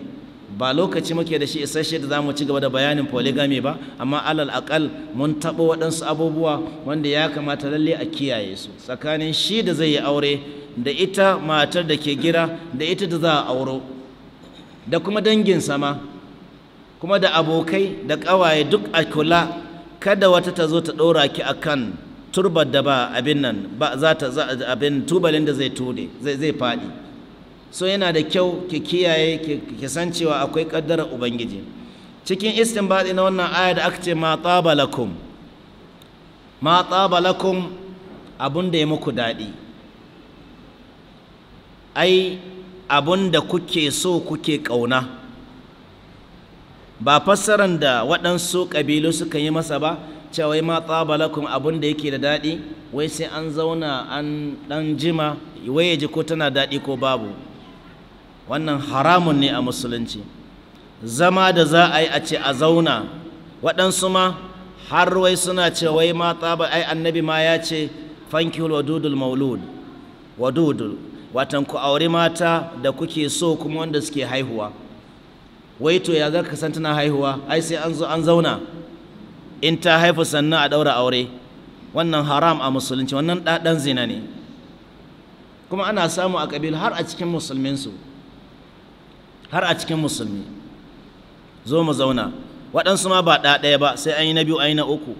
ba lokaci muke da shi isasshe da za mu ci gaba da bayanin foligami ba amma alal akal mun taɓo waɗansu abubuwa wanda ya kamata lalle a kiyaye su tsakanin shi da zai yi aure da ita matar da ke gira da ita da za a auro da kuma dangin sama kuma da abokai da ƙawaye duk a kula kada wata ta zo ta ɗora ki akan turbar da ba abin nan ba za ta abin tubalin da zai tude zai faɗi so yana da kyau ki kiyaye ki san cewa akwai ƙaddarar ubangiji cikin baɗi na wannan aya da aka ce ma tsabalakum ma tsabalakum abun da ya muku daɗi ai abun da kuke so kuke ƙauna ba fassaran da waɗansu ƙabilu suka yi masa ba cewa ma tsabalakun abin da yake da daɗi wai sai an zauna an ɗan jima wai ya ko tana daɗi ko babu wannan haramun ne a musulunci zama da za a yi a ce a zauna waɗansu ma har wai suna ce wai ma tsaba ai annabi ma ya ce fankil wadudul maulud wadudul watan ku auri mata da kuke so kuma wanda suke haihuwa wai to ya za ka san tana haihuwa ai sai an zo an zauna in ta haifu sannan a daura aure wannan haram a musulunci wannan dan zina ne kuma ana samu a kabil har a cikin musulminsu har a cikin musulmi zo mu zauna waɗansu ma ba ɗaya ba sai an yi na biyu an yi na uku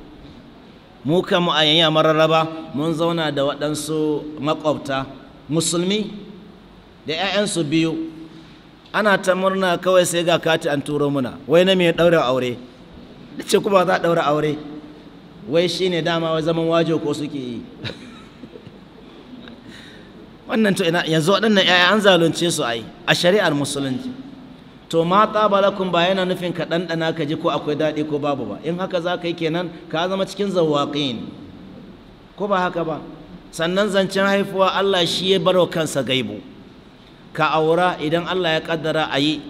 mu kanmu a mararraba mun zauna da waɗansu maƙwabta musulmi da 'ya'yansu biyu ana ta murna kawai sai ga kati an turo muna wai na mai ɗaura aure da ce kuma za a ɗaura aure wai shi ne dama wai zaman wajo ko suke yi wannan to ina yanzu waɗannan ‘ya'ya an zalunce su ai a shari'ar musulunci to ma tsabalakun ba yana nufin ka ɗanɗana ka ji ko akwai daɗi ko babu ba in haka za ka yi kenan ka zama cikin zawaƙin ko ba haka ba sannan zancen haifuwa allah shi ya baro kansa gaibu ka aura idan Allah ya kaddara a yi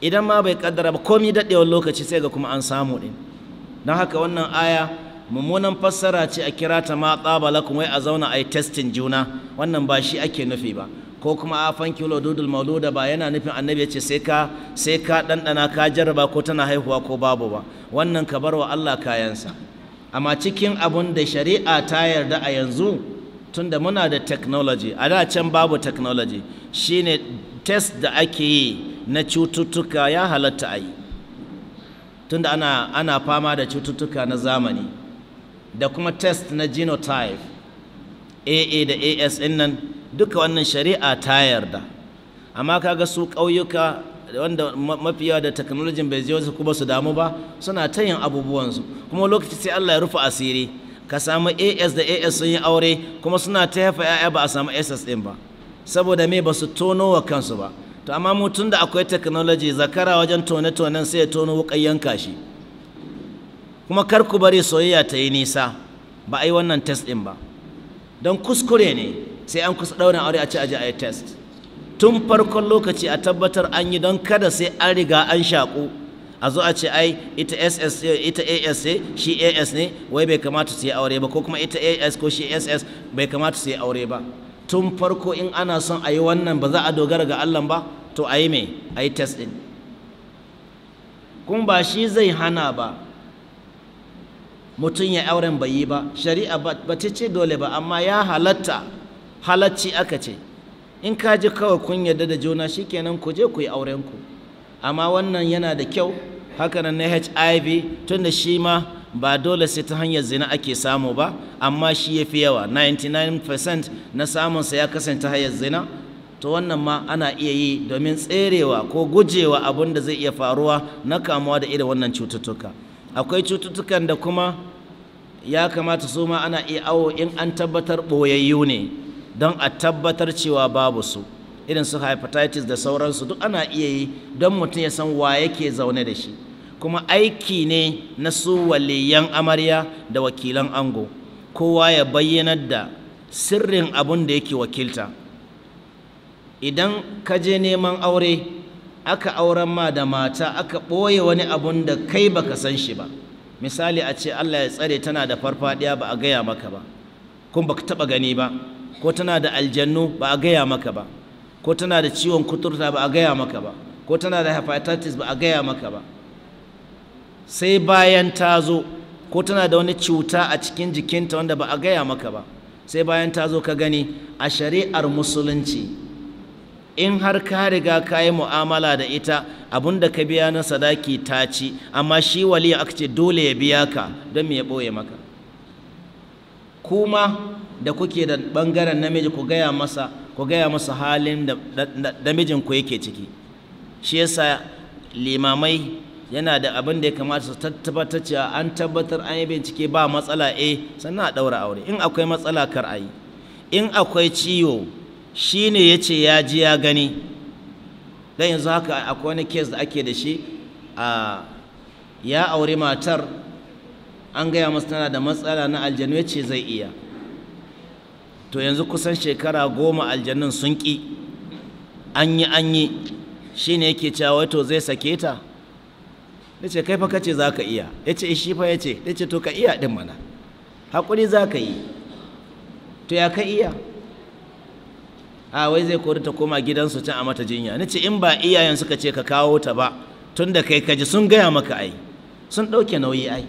idan ma bai kaddara ba komi daɗewar lokaci sai ga kuma an samu ɗin don haka wannan aya mummunan fassara ce a kira ta ma tsaba kuma a zauna a yi testin juna wannan ba shi ake nufi ba ko kuma a fanki dudul mauluda ba yana nufin annabi ya ce sai ka sai ka ɗanɗana ka jarraba ko tana haihuwa ko babu ba wannan ka bar wa Allah kayansa amma cikin abun da shari'a ta yarda a yanzu tunda muna da technology a da can babu technology shine test da ake yi na cututtuka ya halatta a yi tunda ana, ana fama da cututtuka na zamani da kuma test na genotype aa da as nan duka wannan shari'a ta yarda amma kaga su ƙauyuka wanda mafiya da technology bai je wasu kuma su damu ba suna ta yin abubuwansu kuma lokaci sai allah ya rufe asiri ka samu as da as sun yi aure kuma suna ta haifa 'ya'ya ba a samu ss ɗin ba saboda me ba su tono wa kansu ba to amma mutum da akwai technology zakara wajen tone-tonen sai ya tono wuƙan yanka shi kuma kar ku bari soyayya ta yi nisa ba a yi wannan test ɗin ba don kuskure ne sai an kusa ɗaurin aure a ci aji a yi test tun farkon lokaci a tabbatar an yi don kada sai an riga an shaƙu a zo a ce ai ita ss ita as shi as ne wai bai kamata su yi aure ba ko kuma ita as ko shi ss bai kamata su yi aure ba tun farko in ana son a yi wannan ba za a dogara ga Allah ba to a yi mai a yi test ɗin kuma ba shi zai hana ba mutum ya auren bai yi ba shari'a ba ta ce dole ba amma ya halatta halacci aka ce in ka ji kawai kun yarda da juna shikenan ku je ku yi aurenku ku amma wannan yana da kyau hakanan na hiv tun da shi ma ba dole sai ta hanyar zina ake samu ba amma shi ya fi yawa 99% na samunsa ya kasance hanyar zina to wannan ma ana iya yi domin tserewa ko gujewa abin da zai iya faruwa na kamuwa da irin wannan cututtuka akwai cututtukan da kuma ya kamata su ma ana iya awo in an tabbatar ɓoyayyu ne don a tabbatar cewa babu su irin su hepatitis da sauransu duk ana iya yi don mutum ya san wa yake zaune da shi kuma aiki ne na su waliyan amarya da wakilan ango kowa ya bayyanar da sirrin abun da yake wakilta idan ka je neman aure aka auren ma da mata aka ɓoye wani abun da kai baka san shi ba misali a ce allah ya tsare tana da farfadiya ba a gaya maka ba kuma baka taɓa gani ba ko tana da aljannu ba a gaya maka ba ko tana da ciwon kuturta ba a gaya maka ba ko tana da hepatitis ba a gaya maka ba sai bayan ta zo ko tana da wani cuta a cikin jikinta wanda ba a gaya maka ba sai bayan ta zo ka gani a shari'ar musulunci in har ka riga ka yi mu'amala da ita abin da ka biya na sadaki ta ci amma shi wali aka ce dole ya biya ka don me ya ɓoye maka kuma da kuke da bangaren namiji ku gaya masa ku gaya masa halin da ku yake ciki shi yasa limamai yana da abin da ya kamata su tabbatar cewa an tabbatar an yi bincike ba matsala eh sannan a ɗaura aure in akwai matsala kar a yi in akwai ciwo shi ne ya ce ya ji ya gani don yanzu haka akwai wani kes da ake da shi a ya aure matar an gaya masu tana da matsala na aljanu ya ce zai iya to yanzu kusan shekara goma aljannin sun ƙi an yi an yi shi ne yake cewa wai to zai sake ta ya ce kai fa za ka iya ya ce eh, shi fa ya ce ya ce to ka iya ɗin mana haƙuri za ka yi to ya ka iya a wai zai kori ta koma gidansu can a mata jinya na ce in ba iyayen suka ce ka kawo ta ba tun da kai kaji sun gaya maka ai sun ɗauke nauyi ai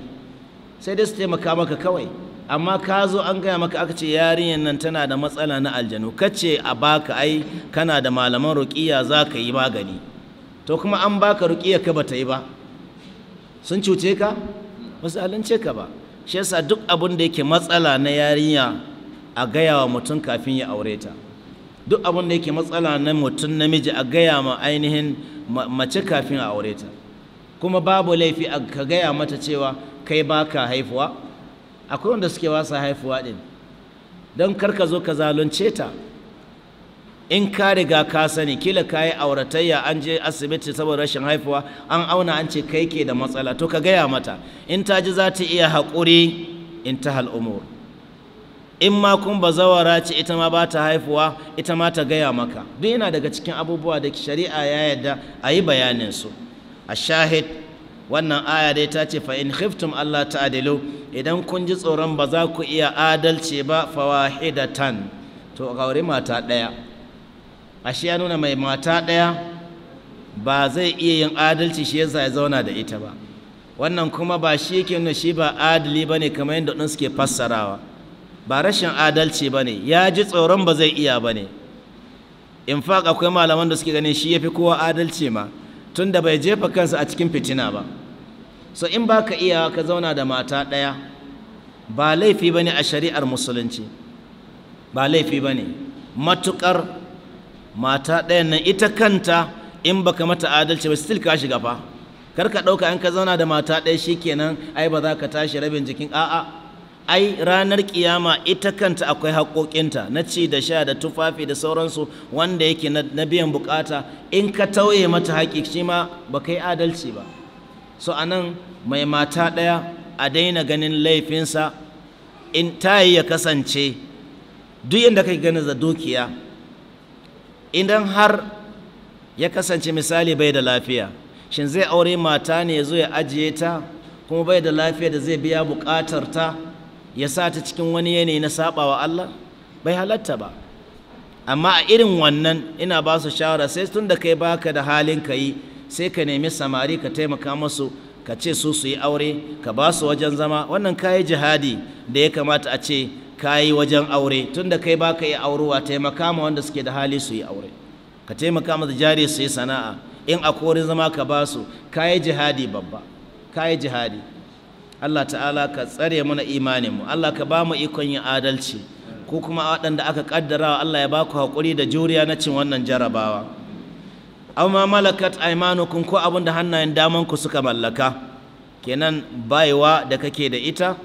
sai dai su taimaka maka kawai amma ka zo an gaya maka aka ce yarinyar nan tana da matsala na aljanu kace a baka ai kana da malaman ruqiya za ka yi magani to kuma an baka rukiya ka bata yi ba sun cuce ka wasu halince ka ba shi yasa duk abin da yake matsala na yarinya a gaya wa mutum kafin ya aure ta duk abin da yake matsala na mutum namiji a gaya ma ainihin mace kafin a aure ta kuma babu laifi a ka gaya mata cewa kai baka haifuwa akwai wanda suke wasa haifuwa ɗin don karka zo ka zalunce ta in ka riga ka sani kila ka yi auratayya an je asibiti saboda rashin haifuwa an auna an ce kai ke da matsala to ka gaya mata in ta ji za ta iya haƙuri in ta al'umur in ma kun ba zawara ce ita ma ba ta haifuwa ita ma ta gaya maka duk yana daga cikin abubuwa da shari'a ya yarda a yi bayanin su a shahid wannan aya dai ta ce fa’in in khiftum Allah ta'dilu idan kun ji tsoron ba za ku iya adalci ba fawahidatan to gauri mata ɗaya. ashe ya nuna mai mata ɗaya ba zai iya yin adalci shi yasa ya zauna da ita ba wannan kuma ba shi yake nuna shi ba adali ba ne kamar yadda ɗin suke fassarawa ba rashin adalci ba ne. ya ji tsoron ba zai iya ba ne. in fa akwai malaman da suke ganin shi ya fi kowa adalci ma tunda bai jefa kansa a cikin fitina ba so in ba ka iya ka zauna da mata ɗaya ba laifi ba ne a shari'ar musulunci ba laifi ba ne. Matuƙar mata ɗayan nan ita kanta in baka mata adalci ba still ka shiga fa kar ka ɗauka in ka zauna da mata ɗaya shi shikenan ai ba za ka tashi rabin jikin a'a ai ranar kiyama ita kanta akwai haƙoƙinta na ci da sha da tufafi da sauransu wanda yake na biyan bukata in ka tauye mata haƙi shi ma ba kai adalci ba so anan mai mata ɗaya a daina ganin laifinsa in yi ya kasance duk inda kai gani da dukiya idan har ya kasance misali bai da lafiya shin zai aure mata ne ya zo ya ajiye ta kuma bai da lafiya da zai biya buƙatar ta ya sa ta cikin wani yanayi na sabawa Allah bai halatta ba amma a irin wannan ina ba su shawara sai tun da kai baka da halin ka yi sai ka nemi samari ka taimaka musu ka ce su su yi aure ka ba su wajen zama wannan kayi jihadi da ya kamata a ce kayi wajen aure tun da kai baka yi aurewa taimaka ma wanda suke da hali su yi aure ka taimaka masa jari su yi sana'a in a korin zama ka ba su kayi jihadi babba kayi jihadi Allah ta'ala ka tsare mana imaninmu Allah ka ba mu ikon yin adalci ko kuma waɗanda aka ƙaddara Allah ya baku ku haƙuri da juriya na cin wannan jarabawa aw ma malakat aymanukum ko abin da hannayen daman ku suka mallaka kenan baiwa da kake da ita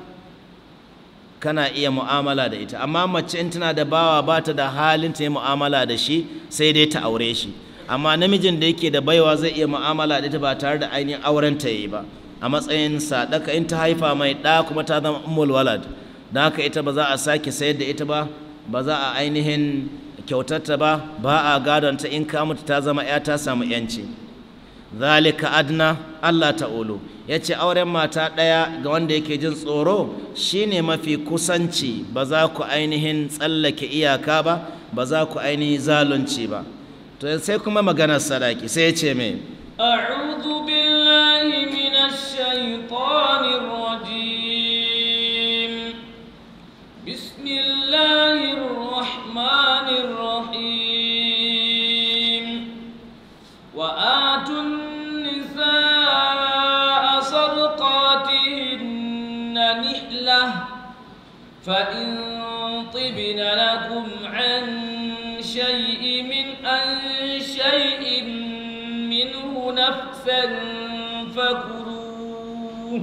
kana iya mu'amala da ita amma mace in tana da bawa ba ta da halin ta yi mu'amala da shi sai dai ta aure shi amma namijin da yake da baiwa zai iya mu'amala da ita ba tare da ainihin auren ta yi ba a matsayin ɗaka in ta haifa mai ɗa kuma ta zama ummul walad don haka ita ba za a sake sayar da ita ba ba za a ainihin kyautarta ba ba a ta in ka mutu ta zama ya ta samu yanci zalika adna Allah ta'ulu! ya ce auren mata ɗaya ga wanda yake jin tsoro shine mafi kusanci ba za ku ainihin tsallake iyaka ba ba za ku ainihin zalunci ba to sai kuma maganar sadaki sai ya ce mai أعوذ بالله من الشيطان الرجيم بسم الله الرحمن الرحيم وآتوا النساء صدقاتهن نحلة فإن طبن لكم عن شيء من أن شيء من نفسا فكلوه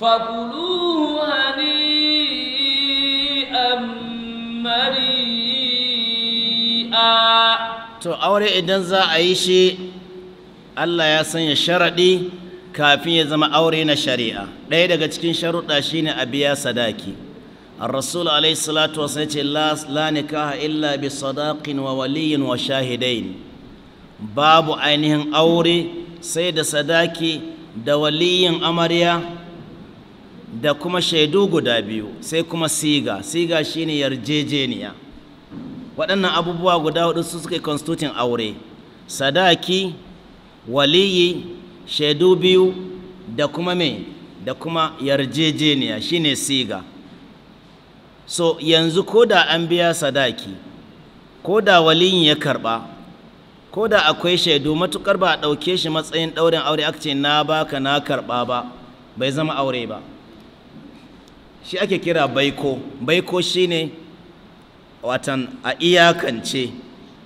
فكلوه هنيئا مريئا to aure idan za a yi shi Allah ya sanya sharaɗi kafin ya zama aure na shari'a ɗaya daga cikin sharuɗa shine a biya sadaki الرسول ce "La nikaha illa bi sadakin wa بصداق wa shahidain" babu ainihin aure sai da sadaki da waliyin amarya da kuma shaidu guda biyu sai kuma siga siga shine yarjejeniya waɗannan abubuwa guda hudu su suke constituting aure sadaki waliyi shaidu biyu da kuma me da kuma yarjejeniya shine siga so yanzu ko da an biya sadaki ko da waliyin ya karba. ko da akwai shaidu matukar ba a ɗauke shi matsayin ɗaurin aure aka ce na baka na karɓa ba bai zama aure ba shi ake kira baiko baiko shine watan a iyakance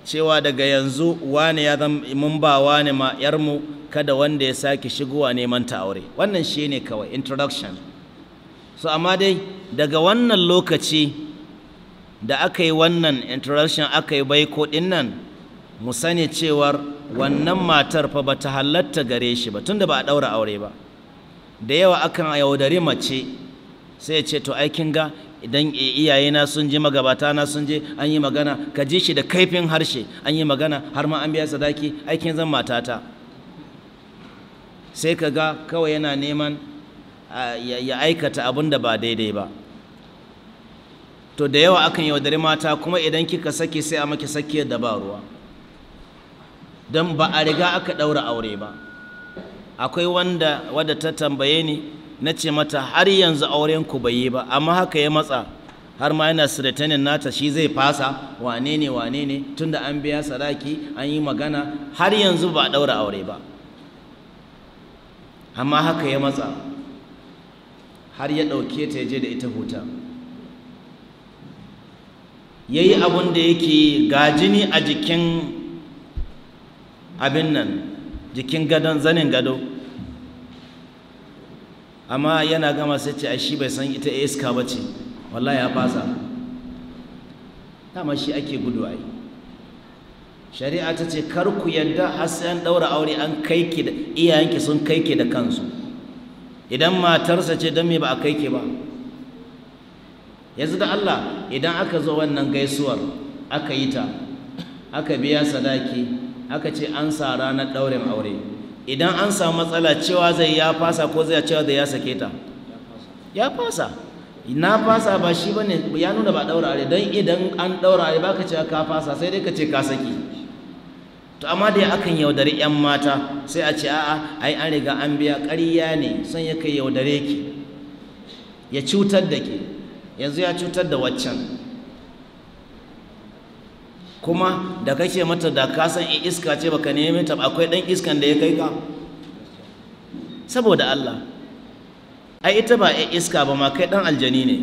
cewa daga yanzu wane ya zama mun ba wane ma yarmu kada wanda ya sake shigowa neman ta aure wannan shine kawai introduction so amma dai daga wannan lokaci da aka yi wannan introduction aka yi baiko dinnan. mu sani cewar wannan matar fa ba ta halatta gare shi ba tunda ba a ɗaura aure ba da yawa akan yaudari mace sai ce to ai kin ga idan iyayena sun je magabata na sun je an yi magana ka ji shi da kaifin harshe an yi magana har ma an biya sadaki aikin zan matata sai ka ga kawai yana neman ya aikata abin da ba daidai ba to da yawa akan yaudari mata kuma idan kika sake sai a maki sakiyar da ba ruwa don ba a riga aka ɗaura aure ba akwai wanda wadda ta tambaye ni na ce mata har yanzu auren ku bai yi ba amma haka ya matsa har ma yana sirtanin nata shi zai fasa wane ne wane ne tunda an biya saraki an yi magana har yanzu ba a ɗaura aure ba amma haka ya matsa har ya ɗauke ta je da ita huta ya yi abin da yake gajini a jikin abin nan jikin gadon zanin gado amma yana gama sai ce shi bai san ita iska ba ce wallahi ya fasa dama shi ake gudu ai shari'a ta ce kar ku yadda har sai an aure an kai ki da iyayenki sun kai ki da kansu idan matarsa ce don me ba a kai ki ba yanzu da Allah idan aka zo wannan gaisuwar aka yi ta aka biya sadaki aka ce an sa ranar ɗaurin aure idan an samu matsala cewa zai ya fasa ko zai cewa zai ya sake ta ya fasa na fasa ba shi bane ya nuna ba ɗaura aure don idan an ɗaura aure ba ka cewa ka fasa sai dai ka ce ka saki to amma dai akan yaudari 'yan mata sai a ce a'a ai an riga an biya ƙarya ne son ya kai yaudare ki ya cutar da ke yanzu ya cutar da waccan kuma da kake mata da ka san in iska ce baka neme ta akwai dan iskan da ya kai ka saboda Allah ai ita ba ai iska ba ma kai dan aljani ne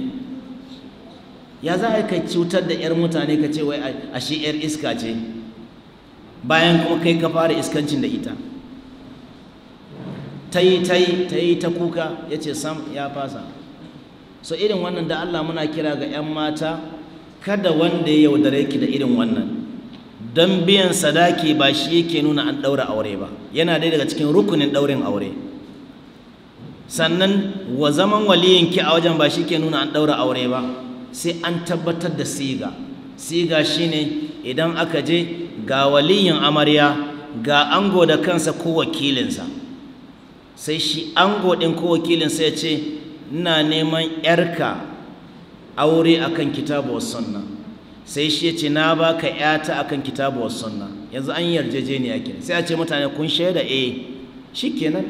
ya za ai ka cutar da 'yar mutane ka ce wai a shi 'yar iska ce bayan kuma kai ka fara iskancin da ita ta yi ta ta kuka yace sam ya fasa so irin wannan da Allah muna kira ga 'yan mata kada wanda ya yaudare ki da irin wannan don biyan sadaki ba shi yake nuna an ɗaura aure ba yana ɗaya daga cikin rukunin ɗaurin aure sannan wa zaman ki a wajen ba shi ke nuna an ɗaura aure ba sai an tabbatar da siga siga shine idan aka je ga waliyin amarya ga ango da kansa ko wakilinsa sai shi ango ɗin ko wakilinsa ya ce ina neman 'yarka aure akan kitabu wa sunna sai shi ce na ba ka yata akan kitabu wa sunna yanzu an yarjejeniya kenan sai a ce mutane kun shaida shi eh. shikenan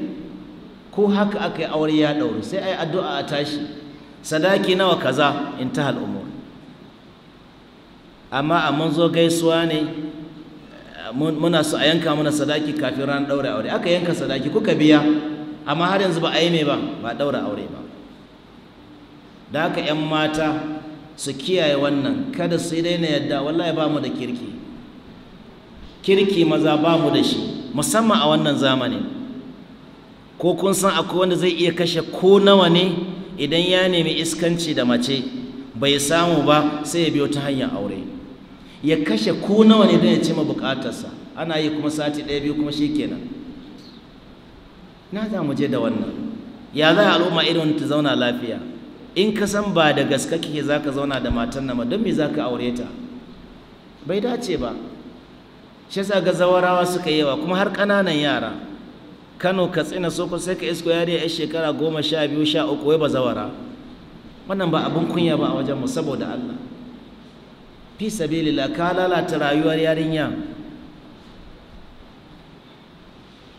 ko haka aka yi aure ya dauro sai a yi addu'a a tashi sadaki nawa kaza ta al'umur amma a mun zo gaisuwa ne muna so a yanka mana sadaki kafin ran daura aure aka yanka sadaki kuka biya amma har yanzu ba a yi mai ba ba ɗaura aure ba da haka 'yan mata su kiyaye wannan kada su daina yadda wallahi ba mu da kirki kirki maza ba mu da shi musamman a wannan zamani ko kun san akwai wanda zai iya kashe ko nawa ne idan ya nemi iskanci da mace bai samu ba sai ya biyo ta hanyar aure ya kashe ko nawa ne don ya ma bukatarsa ana yi kuma sati ɗaya biyu kuma shi kenan na za mu je da wannan ya za a al'umma irin ta zauna lafiya in ka san ba da gaske kike za ka zauna da matan nan don me za ka aure ta bai dace ba shi yasa ga zawarawa suka yi yawa kuma har kananan yara kano katsina soko sai ka isko yari a shekara goma sha biyu sha uku wai ba zawara wannan ba abin kunya ba a wajen mu saboda allah fi sabilillah ka lalata rayuwar yarinya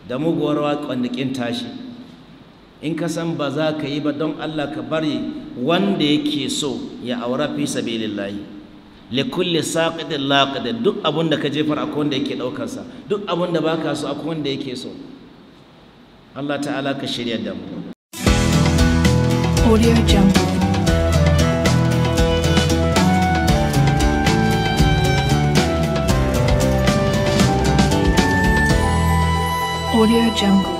da muguwar waƙon tashi in ka san ba za ka yi ba don allah ka bari wanda yake so ya aura fi sabilillahi li kulli saqitin laqid duk abun da ka jefar akwai wanda yake daukar sa duk abun da baka so akwai wanda yake so Allah ta'ala ka shirya da mu Audio Jungle Audio Jungle